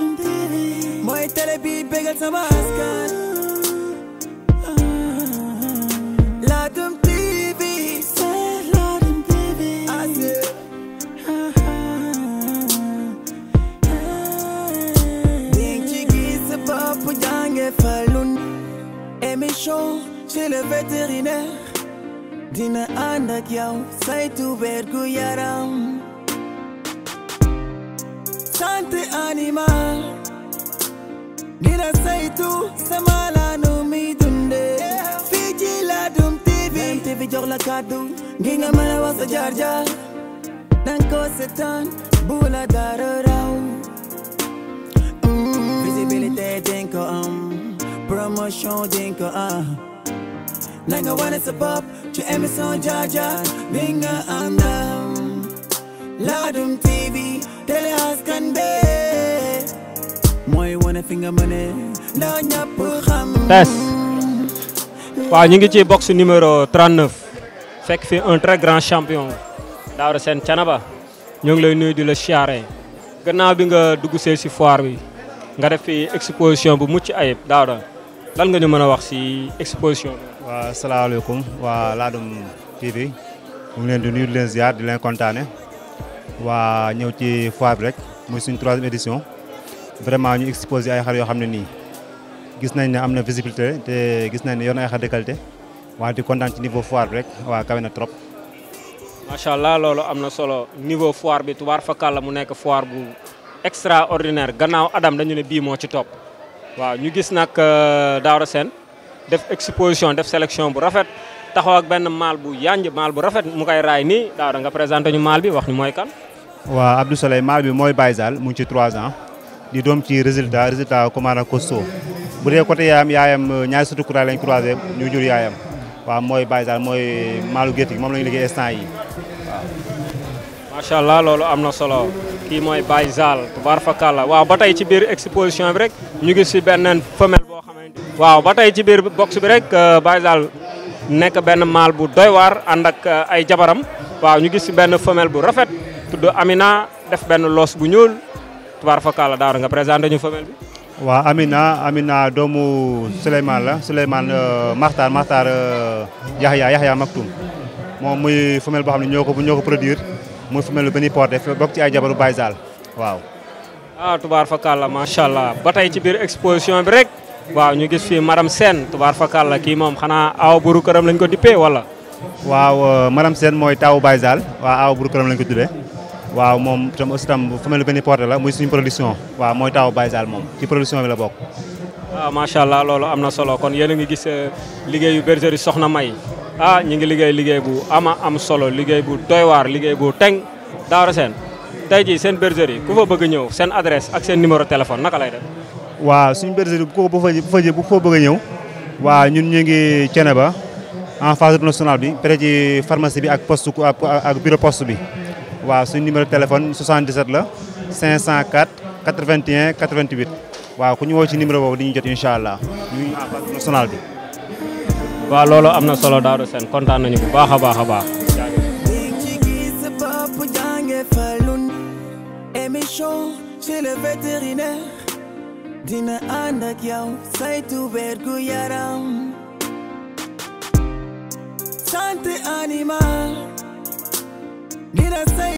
Kafountine TV mooy télé bi bégal sama askan Ladoum TV c'est Ladoum TV ding ci gis sa bopp jànge falun émission chez le vétérinaire dina ànd ak yow saytu wér gu yaram santé animal nasaytu sama laa nu dundee fii la kàddu ngi nga mën a wax sa jaar jaar danga ko seetaan la dara raw mm-hmm. visibilité dinga ko am promotion dinga ko am nanga wane sa bopp ci émission jaar jaar bi nga am ndam Ladoum TV ne fi nga mënee ndax ñëpp xam. Tess ñu ngi ci box numéro 39 fekk fi un très grand champion Daouda Sène Thiénaba ñoo ngi lay nuyu di la siyaare gannaaw bi nga dugg see si foire bi nga def fi exposition bu mucc ayib Daouda lan nga ñu mën a wax si exposition waa waaw salaamaaleykum waa Ladoum TV mu leen di nuyu di leen ziar di leen kontaane waa ñëw ci foire bi rek muy suñu troisième édition. vraiment ñu exposé ay xar yoo xam ne nii gis nañ ne am na visibilité te gis nañ ne yoon na ay xar de waa di kontaan ci niveau foire bi rek waa kawe na trop. macha allah loolu am na solo niveau foire bi tubaar fakal la mu nekk foir bu extraordinaire gannaaw Adam dañu ne bii moo ci topp. waaw ñu gis nag euh, Daouda Sène def exposition def sélection bu rafet taxaw ak benn maal bu yanj maal bu rafet mu koy raay nii Daouda nga présenté ñu maal bi wax ñu mooy kan. waaw Abdou Soleil maal bi mooy Baye Zal ci 3 ans. di doom ci résultat résultat commande costaud bu dee côté yaayam yaayam euh, ñaari sutu kuraay ñu jur yaayam waaw mooy Baye Sall mooy maalu gétt gi moom la ñu liggéey instant yi waaw. macha allah loolu am na solo kii mooy Baye Sall tubaarfakalla waaw ba tey ci biir exposition bi rek ñu gis si benn femelle boo xamante waaw ba tey ci biir box bi rek euh, Baye nekk benn maal bu doy waar ànd euh, ay jabaram waaw ñu gis si benn femelle bu rafet tudd Amina def benn loos bu ñuul. tubaar fakkaala daar nga présenté ñu femelle bi. waaw Amina Amina doomu Souleymane la Souleymane euh, Maxtaar Maxtaar euh, Yaxya Yaxya Maktoum moom muy femelle boo xam ne ñoo ko ñoo ko produire muy femelle bu ñuy porté bokk ci ay jabaru Baye Sall waaw. ah tubaar fakkaala macha allah ba tey ci biir exposition bi rek. waaw ñu gis fii madame Sène tubaar fakkaala kii moom xanaa aw buru këram lañ ko dippee wala. waaw euh, madame seen mooy taawu Baye waa waaw aw buru këram lañ ko tuddee. waaw moom tam aussi tam famille Béniporté la muy suñu production waaw mooy taawu Baye Sall moom ci production bi la bokk. waaw ah, macha allah loolu am na solo kon yéen a ngi gis eh, liggéeyu bergerie Soxna May ah ñu ngi liggéey liggéey bu ama am solo liggéey bu doy liggéey bu teng daara seen tey jii seen bergerie ku fa bëgg ñëw seen adresse ak seen numéro téléphone naka lay def. waaw suñu bergerie bu ko bu fa bu fa bëgg a ñëw. waaw ñun ñu ngi Thiénaba en phase nationale bi près ci pharmacie bi ak poste ak bureau poste bi. waaw suñu numéro téléphone 77 la 504 81 88 waaw ku ñu woo ci numéro boobu di ñu jot incha allah ñu à parc national bi. am na solo Darou seen kontaan nañu bu baax a baax a baax. émission chez le vétérinaire dina ànd ak yow saytu yaram santé animal dina say